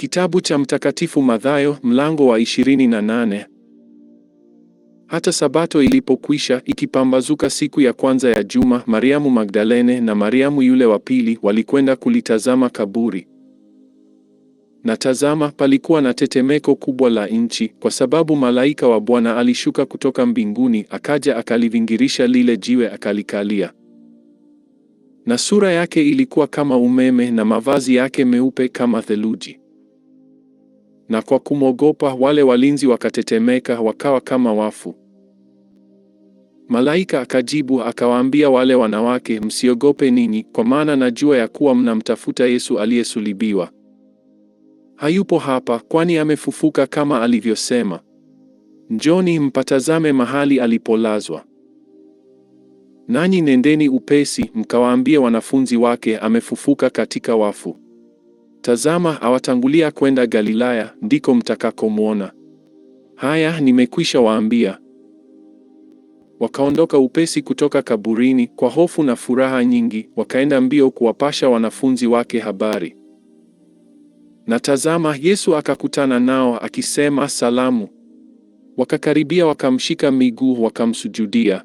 Kitabu cha Mtakatifu Mathayo mlango wa 28. Hata Sabato ilipokwisha, ikipambazuka siku ya kwanza ya juma, Mariamu Magdalene na Mariamu yule wa pili walikwenda kulitazama kaburi. Na tazama, palikuwa na tetemeko kubwa la nchi, kwa sababu malaika wa Bwana alishuka kutoka mbinguni, akaja akalivingirisha lile jiwe, akalikalia na sura yake ilikuwa kama umeme, na mavazi yake meupe kama theluji na kwa kumwogopa wale walinzi wakatetemeka, wakawa kama wafu. Malaika akajibu akawaambia wale wanawake, msiogope ninyi, kwa maana najua ya kuwa mnamtafuta Yesu aliyesulibiwa. Hayupo hapa, kwani amefufuka kama alivyosema. Njoni mpatazame mahali alipolazwa. Nanyi nendeni upesi mkawaambie wanafunzi wake, amefufuka katika wafu. Tazama, awatangulia kwenda Galilaya, ndiko mtakakomwona. Haya, nimekwisha waambia. Wakaondoka upesi kutoka kaburini kwa hofu na furaha nyingi, wakaenda mbio kuwapasha wanafunzi wake habari. Na tazama, Yesu akakutana nao akisema, salamu. Wakakaribia, wakamshika miguu, wakamsujudia.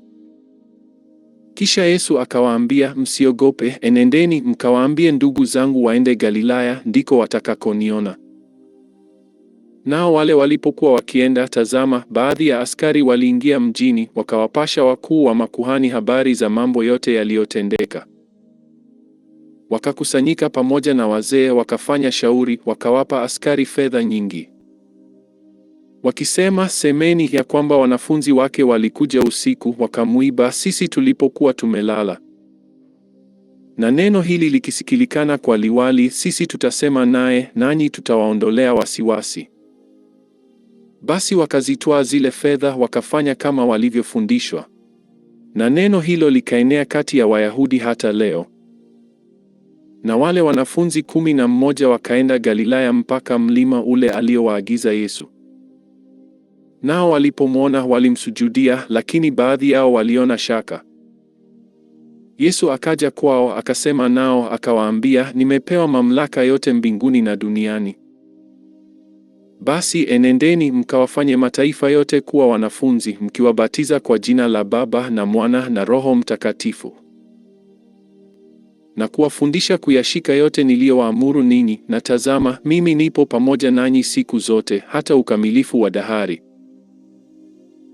Kisha Yesu akawaambia, msiogope, enendeni mkawaambie ndugu zangu waende Galilaya, ndiko watakakoniona. Nao wale walipokuwa wakienda, tazama, baadhi ya askari waliingia mjini, wakawapasha wakuu wa makuhani habari za mambo yote yaliyotendeka. Wakakusanyika pamoja na wazee, wakafanya shauri, wakawapa askari fedha nyingi wakisema, semeni ya kwamba wanafunzi wake walikuja usiku wakamwiba sisi tulipokuwa tumelala. Na neno hili likisikilikana kwa liwali, sisi tutasema naye, nanyi tutawaondolea wasiwasi. Basi wakazitwaa zile fedha wakafanya kama walivyofundishwa, na neno hilo likaenea kati ya Wayahudi hata leo. Na wale wanafunzi kumi na mmoja wakaenda Galilaya mpaka mlima ule aliowaagiza Yesu. Nao walipomwona walimsujudia, lakini baadhi yao waliona shaka. Yesu akaja kwao akasema nao akawaambia, nimepewa mamlaka yote mbinguni na duniani. Basi enendeni mkawafanye mataifa yote kuwa wanafunzi, mkiwabatiza kwa jina la Baba na Mwana na Roho Mtakatifu, na kuwafundisha kuyashika yote niliyowaamuru ninyi, na tazama, mimi nipo pamoja nanyi siku zote hata ukamilifu wa dahari.